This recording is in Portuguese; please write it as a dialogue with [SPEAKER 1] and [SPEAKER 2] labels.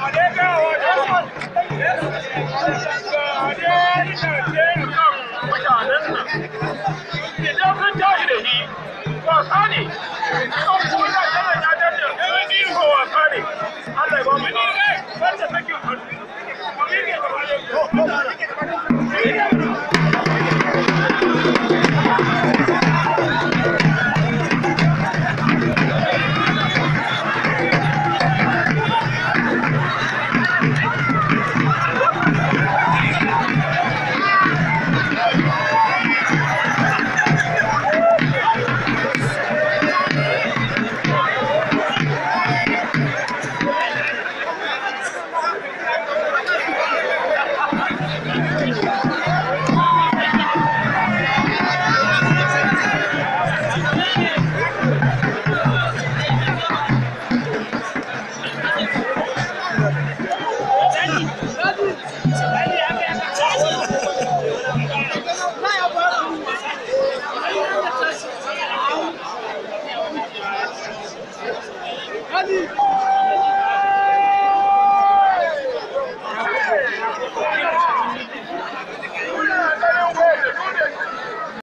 [SPEAKER 1] Allez mutanen nan
[SPEAKER 2] idan an tashi wasa ne
[SPEAKER 1] Ali!